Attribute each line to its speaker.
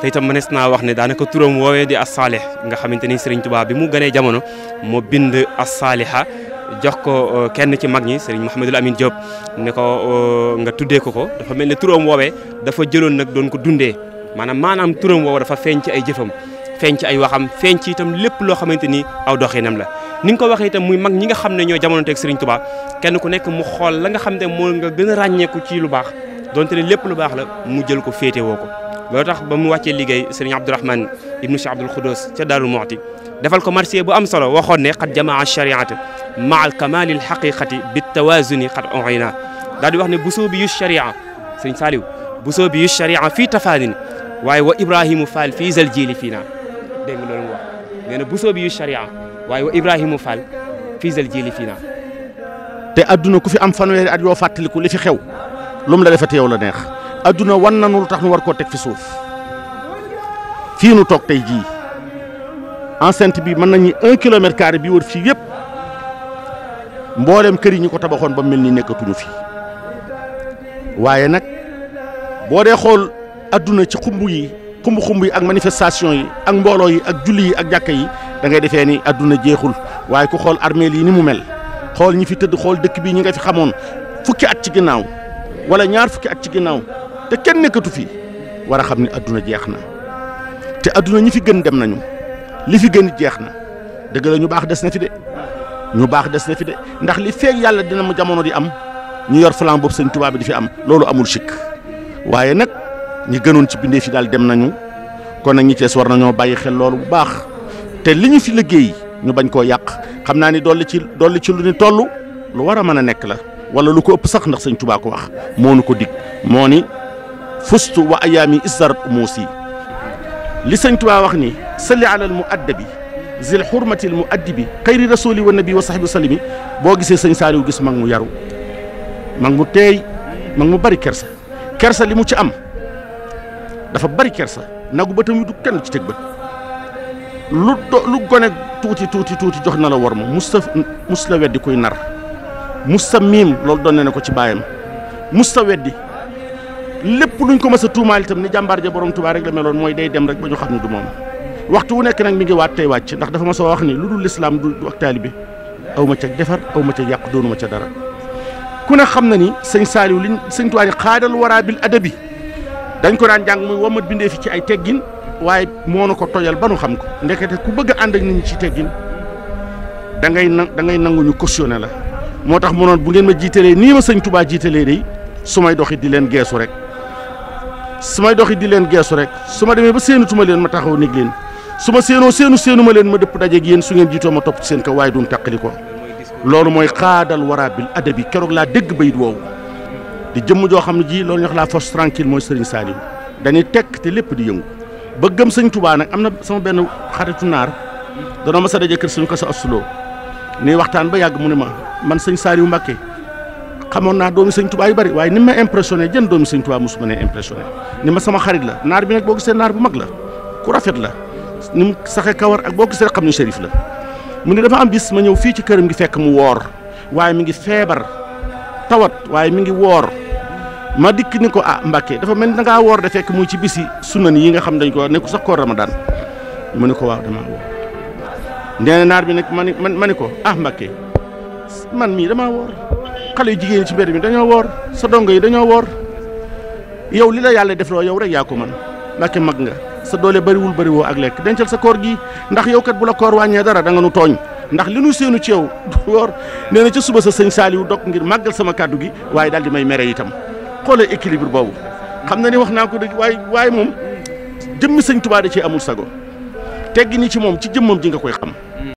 Speaker 1: te itam mënees naa wax ne daanaka turam woowee di as-saalih nga xamante ni Serigne Touba bi mu gënee jamono moo bind as-saaliha jox ko euh, kenn ci mag ñi Serigne Mouhamadul Amine Diop ne ko euh, nga tuddee ko ko dafa mel ne turam woowee dafa jëloon nag doon ko dundee maanaam maanaam turam woowee dafa feeñ ci ay jëfam feeñ ci ay waxam feeñ ci itam lépp loo xamante ni aw doxinam la. ni nga ko waxee itam muy mag ñi nga xam ne ñoo jamono teeg Serigne Touba kenn ku nekk mu xool la nga xam ne moo nga gën a ràññeeku ci lu baax donte ne lépp lu baax la mu jël ko féete woo ko. loolu tax ba mu wàccee liggéey sëriñ Abdourahman ibnu Cheikh Abdoul Khoudous ca Daaru Muxti defal ko marché bu am solo waxoon ne xat jamaa shariata maa al kamali al haqiqati bi tawazuni xat ohina daal di wax ne busoo bi yu sharia sëriñ Saaliw busoo bi yu sharia fii tafaadin waaye wa ibrahimu fall fii zal jiili fii naa dégg nga loolu mu wax yu sharia waaye wa
Speaker 2: ibrahimu fall fii zal jiili fii naa te adduna ku fi am fanweeri at yoo fàttaliku li fi xew lu mu la defati yow la neex adduna wan na lu tax nu war koo teg fi suuf fii nu toog tey jii enceinte bi mën nañu un kilomètre carré bii wër fii yëpp mboolem kër yi ñu ko tabaxoon ba mel ni nekkatuñu fi waaye nag boo dee xool adduna ci xumb yi xumb-xumb yi ak manifestation yi ak mbooloo yi ak julli yi ak jàkka yi da ngay defee ni adduna jeexul waaye ku xool armeel yi ni mu mel xool ñi fi tëdd xool dëkk bi ñi nga fi xamoon fukki at ci ginnaaw wala ñaar fukki at ci ginnaaw te kenn nekkatu fi war a xam ne adduna jeex na te àdduna ñi fi gën dem nañu li fi gën jeex na dëgg la ñu baax des na fi de ñu baax des na fi de ndax li feeg yàlla dina mu jamono di am ñu yor flan boobu sëñ tubaab bi di fi am loolu amul sikk waaye nag ñi gënoon ci bindee fi daal dem nañu kon nag ñi cees war nañoo bàyyi xel loolu bu baax te li ñu fi liggéey ñu bañ koo yàq xam naa ni dolli ci dolli ci lu ni toll lu war a mën a nekk la wala lu ko ëpp sax ndax sëñ tubaa ko wax ko dig moo fustu wa ayaami isdarat umuusi li sëñ waa wax ni salli alal mu addabi zil xurmatil mu addibi xayri rasuli wa nabi wa saxbi salimi boo gisee sëñ Saaliw gis mag mu yaru mag mu teey mag mu bari kersa kersa li mu ci am dafa bari kersa nagu bëtam du kenn ci teg bët lu do lu gone tuuti tuuti tuuti jox na la war ma mus musta weddi kuy nar mus musta miim loolu doon ne ko ci baayam musta weddi lépp lu luñ ko mës a tuumaal itam ni jàmbaar ja borom Tuubaa rek la meloon mooy day dem rek ba ñu xam ne du moom waxtu wu nekk nag mi ngi waat tey wàcc ndax dafa ma soo wax ni lu dul lislaam du ak taalibe aw ma ca defar aw ma ca yàqu doonu ma ca dara ku ne xam na ni sëñ Saaliw liñ sëñ Tuubaa ni xaadal waraa bil adabi dañ ko daan jàng muy womat bindee fi ci ay teggin waaye moo na ko tojal ba nu xam ko ndekete ku bëgg a ànd ak nit ñi ci teggin da ngay na da ngay nangu ñu cautionné la moo tax mu bu ngeen ma jiitalee nii ma sëñ Tuubaa jiitalee day su may di leen geesu rek su may doxi di leen geesu rek su ma demee ba séenutuma leen ma taxaw nég génn su ma séenoo séenu séenu ma leen ma dëpp daje yéen su ngeen jiitoo ma topp ci seen kaw waaye duñ taqali ko loolu mooy xaadal wara bil adabi keroog laa dégg bayit woowu di jëmm joo xam ne jii loolu ñu laa fos force mooy Serigne Saliou dañuy tekk te lépp di yëngu ba gëm sëñ Touba nag am na sama benn xaritu naar danoo ma sa daje kër suñu ko sa assuloo nii waxtaan ba yàgg mu ne ma man sëñ Saliou Mbacké xamoon naa doomi sëñ tubaa yu bari waaye ni ma impressionné jën doomi sëñ tubaa mosuma ne impressionné ni sama xarit la naar bi nag boo gisee naar bu mag la ku rafet la ni mu saxe kawar ak boo gisee xam ne shérif la mu ne dafa am bis ma ñëw fii ci këram gi fekk mu woor waaye mi ngi feebar tawat waaye mi ngi woor ma dikk ni ko ah Mbàkke dafa mel ni da woor de fekk muy ci bisi sunan yi nga xam dañ ko ne ko sax koor Ramadan mu ne ko waaw damaa woor nee naar bi nag ma ni ma ni ko ah Mbàkke xale yu jigéen ci mbedd mi dañoo woor sa dongo yi dañoo woor yow li la yàlla def defloo yow rek yaa ko man ndaxte mag nga sa doole bariwul bëriwoo ak lekk dencal sa koor gi ndax yow kat bu la koor wàññee dara danga nga nu tooñ ndax li nu séenu ci yow du woor nee na ca suba sa sëñ Saaliw dog ngir màggal sama kàddu gi waaye daal di may mere itam xoolee équilibre boobu xam na ni wax naa ko de waaye waaye moom jëmmi sëñ Tuubaa da cee amul sago teggi ni ci moom ci jëmmam ji nga koy xam